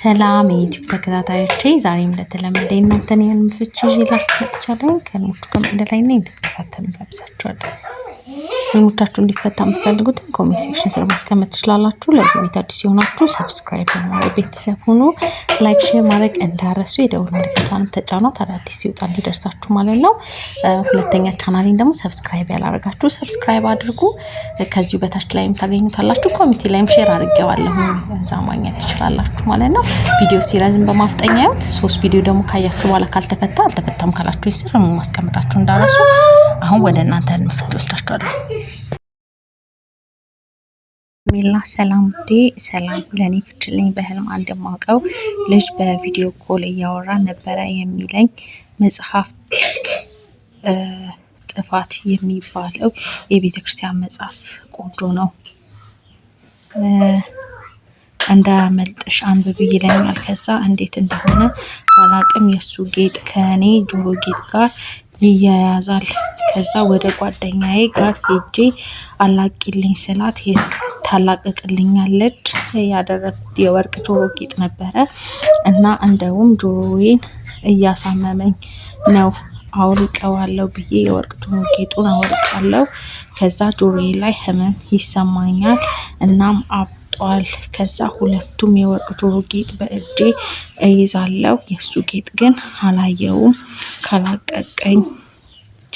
ሰላም የዩቲዩብ ተከታታዮቼ፣ ዛሬም እንደተለመደ እናንተን የህልም ፍቺ ይዤላችሁ መጥቻለሁ። ከህልሞቹ ጋር አንድ ላይ እንድትከታተሉ ጋብዛችኋለሁ። በውዳችሁ እንዲፈታ የምትፈልጉት ኮሜንት ሴክሽን ስር ማስቀመጥ ትችላላችሁ። ለዚህ ቤት አዲስ የሆናችሁ ሰብስክራይብ በማድረግ ቤተሰብ ሆኖ ላይክ፣ ሼር ማድረግ እንዳረሱ የደውል ምልክቷንም ተጫኗት፣ አዳዲስ ሲወጣ እንዲደርሳችሁ ማለት ነው። ሁለተኛ ቻናሌን ደግሞ ሰብስክራይብ ያላረጋችሁ ሰብስክራይብ አድርጉ። ከዚሁ በታች ላይም ታገኙታላችሁ። ኮሚቴ ላይም ሼር አድርጌዋለሁ፣ እዛ ማግኘት ትችላላችሁ ማለት ነው። ቪዲዮ ሲረዝም በማፍጠኛ ያዩት። ሶስት ቪዲዮ ደግሞ ካያችሁ በኋላ ካልተፈታ አልተፈታም ካላችሁ ስር ማስቀመጣችሁ እንዳረሱ። አሁን ወደ እናንተ ምፍት ወስዳችኋለሁ። ሚላ ሰላም ውዴ፣ ሰላም ለእኔ ፍችልኝ። በህልም አንድ የማውቀው ልጅ በቪዲዮ ኮል እያወራን ነበረ። የሚለኝ መጽሐፍ ጥፋት የሚባለው የቤተ ክርስቲያን መጽሐፍ ቆንጆ ነው፣ እንዳያመልጥሽ አንብብ ይለኛል። ከዛ እንዴት እንደሆነ ባላቅም የእሱ ጌጥ ከእኔ ጆሮ ጌጥ ጋር ይያያዛል። ከዛ ወደ ጓደኛዬ ጋር ሄጄ አላቂልኝ ስላት ታላቅቅልኛለች። ያደረግኩት የወርቅ ጆሮ ጌጥ ነበረ እና እንደውም ጆሮዬን እያሳመመኝ ነው አውልቀዋለሁ ብዬ የወርቅ ጆሮ ጌጡን አወልቃለሁ። ከዛ ጆሮዬ ላይ ህመም ይሰማኛል። እናም ወጠዋል። ከዛ ሁለቱም የወርቅ ጌጥ በእጄ እይዛለሁ። የእሱ ጌጥ ግን አላየውም። ካላቀቀኝ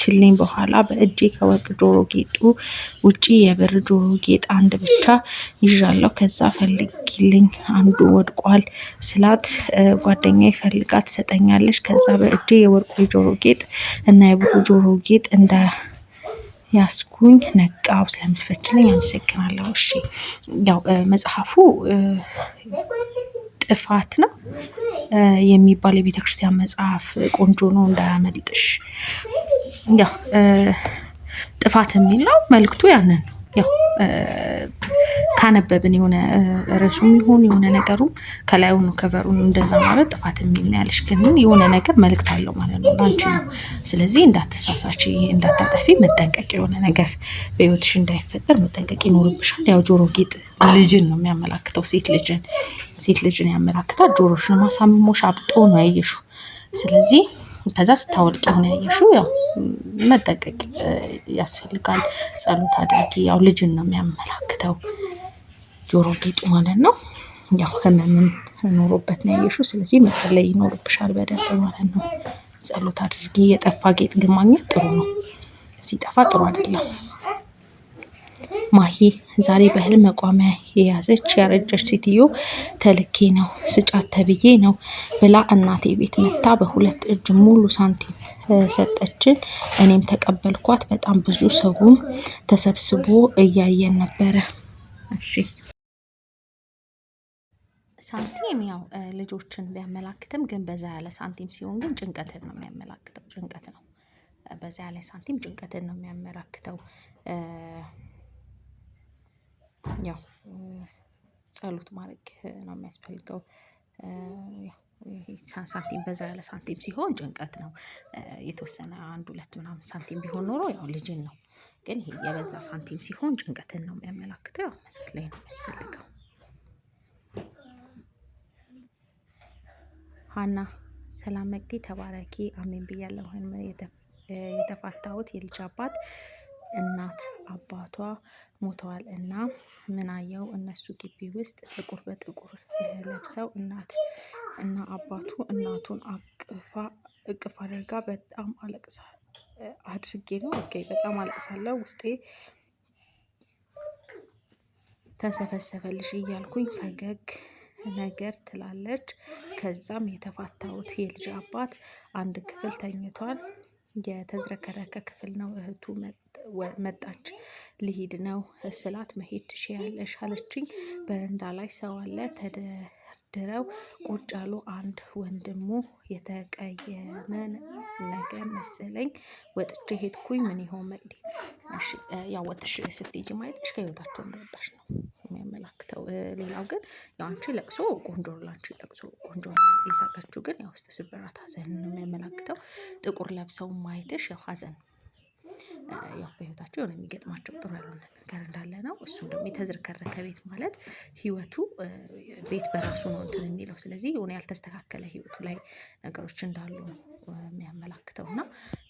ችልኝ በኋላ በእጄ ከወርቅ ጆሮ ጌጡ ውጪ የብር ጆሮ ጌጥ አንድ ብቻ ይዣለሁ። ከዛ ፈልጊልኝ አንዱ ወድቋል ስላት ጓደኛ ፈልጋ ትሰጠኛለች። ከዛ በእጄ የወርቁ ጆሮ ጌጥ እና የብሩ ጆሮ ጌጥ እንደ ያስኩኝ ነቃው ስለምትፈችለኝ አመሰግናለሁ። እሺ ያው መጽሐፉ ጥፋት ነው የሚባል የቤተ ክርስቲያን መጽሐፍ ቆንጆ ነው እንዳያመልጥሽ። ያው ጥፋት የሚለው መልክቱ ያንን ነው ያው ካነበብን የሆነ ርዕሱም ይሁን የሆነ ነገሩም ከላይ ሆኖ ከቨሩን እንደዛ ማለት ጥፋት የሚል ነው ያለሽ፣ ግን የሆነ ነገር መልእክት አለው ማለት ነው ለአንቺ ነው። ስለዚህ እንዳትሳሳች፣ እንዳታጠፊ መጠንቀቅ፣ የሆነ ነገር በህይወትሽ እንዳይፈጠር መጠንቀቅ ይኖርብሻል። ያው ጆሮ ጌጥ ልጅን ነው የሚያመላክተው፣ ሴት ልጅን ሴት ልጅን ያመላክታል። ጆሮሽን ማሳምሞሽ አብጦ ነው ያየሹ ስለዚህ ከዛ ስታወልቅ ሆነ ያየሹ ያው መጠንቀቅ ያስፈልጋል። ጸሎት አድርጊ። ያው ልጅን ነው የሚያመላክተው። ጆሮ ጌጡ ማለት ነው። ያው ህመምም ኖሮበት ነው ያየሽው። ስለዚህ መጸለይ ይኖርብሻል በደንብ ማለት ነው። ጸሎት አድርጊ። የጠፋ ጌጥ ግን ማግኘት ጥሩ ነው፣ ሲጠፋ ጥሩ አይደለም። ማሂ ዛሬ በህልም መቋሚያ የያዘች ያረጀች ሴትዮ ተልኬ ነው ስጫት ተብዬ ነው ብላ እናቴ ቤት መታ በሁለት እጅ ሙሉ ሳንቲም ሰጠችን። እኔም ተቀበልኳት። በጣም ብዙ ሰውም ተሰብስቦ እያየን ነበረ። እሺ ሳንቲም ያው ልጆችን ቢያመላክትም ግን በዛ ያለ ሳንቲም ሲሆን ግን ጭንቀትን ነው የሚያመላክተው ጭንቀት ነው። በዛ ያለ ሳንቲም ጭንቀትን ነው የሚያመላክተው። ያው ጸሎት ማድረግ ነው የሚያስፈልገው። ሳንቲም በዛ ያለ ሳንቲም ሲሆን ጭንቀት ነው። የተወሰነ አንድ ሁለት ምናምን ሳንቲም ቢሆን ኖሮ ያው ልጅን ነው። ግን ይሄ የበዛ ሳንቲም ሲሆን ጭንቀትን ነው የሚያመላክተው ያው መጸለይ ነው የሚያስፈልገው ሀና ሰላም መቅዲ ተባረኪ አሜን ብያለሁ። የተፋታሁት የልጅ አባት እናት አባቷ ሞተዋል እና ምናየው እነሱ ግቢ ውስጥ ጥቁር በጥቁር ለብሰው እናት እና አባቱ እናቱን እቅፍ አድርጋ በጣም አለቅሳ አድርጌ ነው ኦኬ፣ በጣም አለቅሳለሁ። ውስጤ ተሰፈሰፈልሽ እያልኩኝ ፈገግ ነገር ትላለች። ከዛም የተፋታሁት የልጅ አባት አንድ ክፍል ተኝቷል። የተዝረከረከ ክፍል ነው። እህቱ መጣች። ልሂድ ነው ስላት መሄድ ትሽያለሽ አለችኝ። በረንዳ ላይ ሰው አለ ተደርድረው ቁጭ አሉ። አንድ ወንድሙ የተቀየመ ነገር መሰለኝ ወጥቼ ሄድኩኝ። ምን ይሆን መቅዲ ያወጥሽ ስትሄጂ ማየትሽ ከህይወታቸው እንደወጣሽ ነው። ሌላው ግን የአንቺ ለቅሶ ቆንጆ ለአንቺ ለቅሶ ቆንጆ የሳቀችው ግን የውስጥ ስብራት ሀዘን ነው የሚያመላክተው። ጥቁር ለብሰው ማየትሽ ያው ሀዘን ያው በህይወታቸው የሆነ የሚገጥማቸው ጥሩ ያልሆነ ነገር እንዳለ ነው። እሱም ደግሞ የተዝረከረከ ቤት ማለት ህይወቱ ቤት በራሱ ነው እንትን የሚለው ስለዚህ የሆነ ያልተስተካከለ ህይወቱ ላይ ነገሮች እንዳሉ ነው የሚያመላክተው እና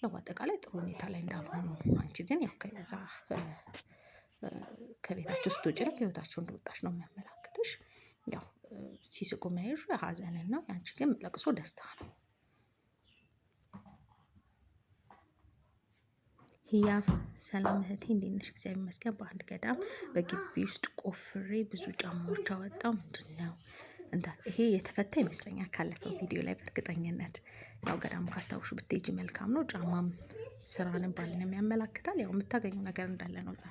ያው በአጠቃላይ ጥሩ ሁኔታ ላይ እንዳልሆኑ አንቺ ግን ያው ከዛ ከቤታቸው ስትወጪ ነው ከህይወታቸው እንደወጣች ነው የሚያመላክትሽ። ያው ሲስቁ ሀዘን ሀዘንና ያንቺ ግን ለቅሶ ደስታ ነው። ህያብ ሰላም እህቴ እንዴት ነሽ? እግዚአብሔር ይመስገን። በአንድ ገዳም በግቢ ውስጥ ቆፍሬ ብዙ ጫማዎች አወጣው። ምንድን ነው ይሄ? የተፈታ ይመስለኛል ካለፈው ቪዲዮ ላይ በእርግጠኝነት ያው ገዳሙ ካስታውሹ ብትሄጂ መልካም ነው። ጫማም ስራንም ባልንም ያመላክታል። ያው የምታገኙ ነገር እንዳለ ነው። እዛ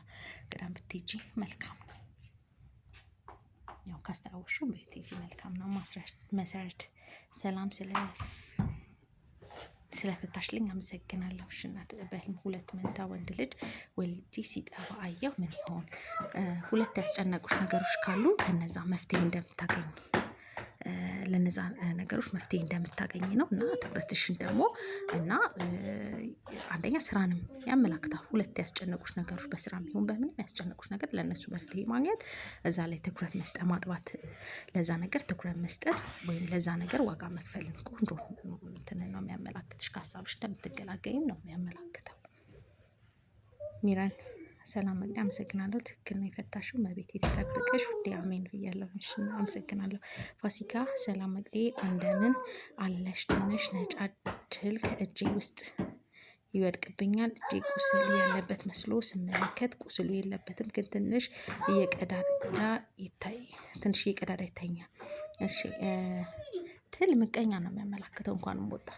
ገዳም ብትሄጂ መልካም ነው። ያው ካስታወሹ ብትሄጂ መልካም ነው። መሰረት ሰላም ስለ ስለፈታሽልኝ አመሰግናለሁ። ሽናት በህልም ሁለት መንታ ወንድ ልጅ ወልጂ ሲጠባ አየሁ። ምን ይሆን? ሁለት ያስጨነቁሽ ነገሮች ካሉ ከነዛ መፍትሄ እንደምታገኝ ለነዛ ነገሮች መፍትሄ እንደምታገኝ ነው። እና ትኩረትሽን ደግሞ እና አንደኛ ስራንም ያመላክታል። ሁለት ያስጨነቁች ነገሮች በስራ ሆን በምንም ያስጨነቁች ነገር ለእነሱ መፍትሄ ማግኘት እዛ ላይ ትኩረት መስጠት ማጥባት፣ ለዛ ነገር ትኩረት መስጠት ወይም ለዛ ነገር ዋጋ መክፈልን ቆንጆ እንትን ነው የሚያመላክትሽ። ከሀሳብሽ እንደምትገላገኝም ነው የሚያመላክተው ሚራን ሰላም መግደ አመሰግናለሁ። ትክክል ነው የፈታሽው። መቤት የተጠበቀሽ ውዴ አሜን ብያለሁ። አመሰግናለሁ። ፋሲካ ሰላም መግዴ እንደምን አለሽ? ትንሽ ነጫ ድል ከእጄ ውስጥ ይወድቅብኛል። እጄ ቁስል ያለበት መስሎ ስመለከት ቁስሉ የለበትም፣ ግን ትንሽ እየቀዳዳ ይታይ ትንሽ እየቀዳዳ ይታኛል። እሺ ትል ምቀኛ ነው የሚያመላክተው። እንኳንም ወጣ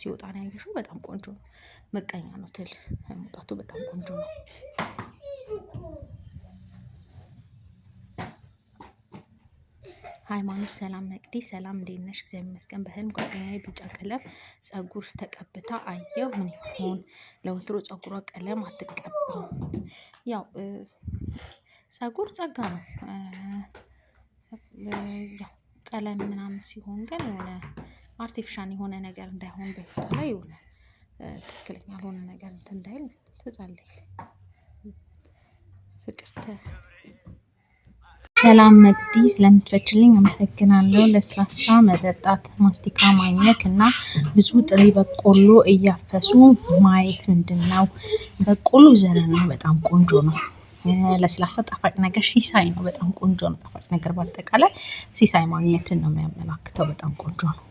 ሲወጣ ነው ያየሽው። በጣም ቆንጆ ነው። መቀኛ ነው ትል መውጣቱ በጣም ቆንጆ ነው። ሃይማኖት ሰላም ነቅዲ ሰላም፣ እንዴት ነሽ? እግዚአብሔር ይመስገን። በህልም ጓደኛዬ ቢጫ ቀለም ጸጉር ተቀብታ አየው። ምን ይሆን? ለወትሮ ጸጉሯ ቀለም አትቀባም። ያው ጸጉር ጸጋ ነው። ያው ቀለም ምናምን ሲሆን ግን የሆነ አርቲፊሻል የሆነ ነገር እንዳይሆን በፊት ላይ የሆነ ትክክለኛ ያልሆነ ነገር እንትን እንዳይል ትጸልይ ፍቅርተ ሰላም መቅዲ ስለምትረችልኝ አመሰግናለሁ። ለስላሳ መጠጣት፣ ማስቲካ ማኘክ እና ብዙ ጥሬ በቆሎ እያፈሱ ማየት ምንድን ነው? በቆሎ ዘር ነው፣ በጣም ቆንጆ ነው። ለስላሳ ጣፋጭ ነገር ሲሳይ ነው፣ በጣም ቆንጆ ነው። ጣፋጭ ነገር በአጠቃላይ ሲሳይ ማግኘትን ነው የሚያመላክተው። በጣም ቆንጆ ነው።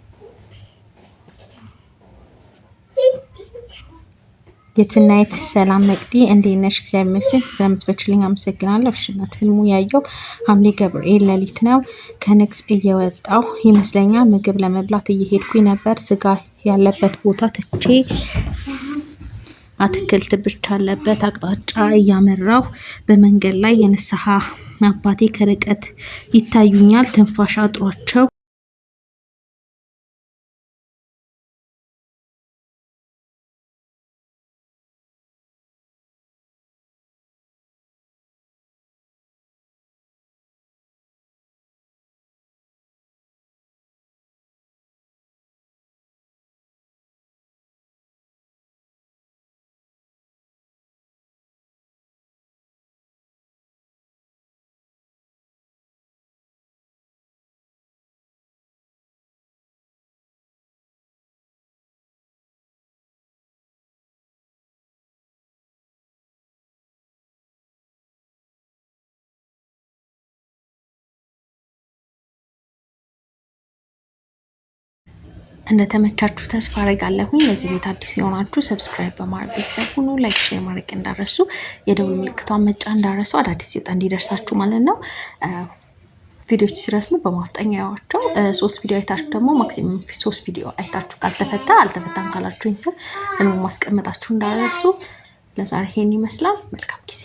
የትናየት ሰላም መቅዲ እንዴት ነሽ? እግዚአብሔር ይመስገን ስለምትፈችልኝ አመሰግናለሁ። ሽናት ህልሙ ያየው ሐምሌ ገብርኤል ሌሊት ነው። ከንግስ እየወጣሁ ይመስለኛል ምግብ ለመብላት እየሄድኩኝ ነበር። ስጋ ያለበት ቦታ ትቼ አትክልት ብቻ አለበት አቅጣጫ እያመራሁ በመንገድ ላይ የንስሐ አባቴ ከርቀት ይታዩኛል። ትንፋሽ አጥሯቸው እንደተመቻችሁ ተስፋ አደርጋለሁኝ። ለዚህ ቤት አዲስ የሆናችሁ ሰብስክራይብ በማድረግ ቤተሰብ ሁኑ። ላይክ፣ ሼር ማድረግ እንዳረሱ የደውል ምልክቷን መጫ እንዳረሱ አዳዲስ ሲወጣ እንዲደርሳችሁ ማለት ነው። ቪዲዮች ሲረስሙ በማፍጠኛ ያዋቸው። ሶስት ቪዲዮ አይታችሁ ደግሞ ማክሲመም ሶስት ቪዲዮ አይታችሁ ካልተፈታ አልተፈታም ካላችሁ ስር ማስቀመጣችሁ እንዳረሱ። ለዛሬ ይሄን ይመስላል። መልካም ጊዜ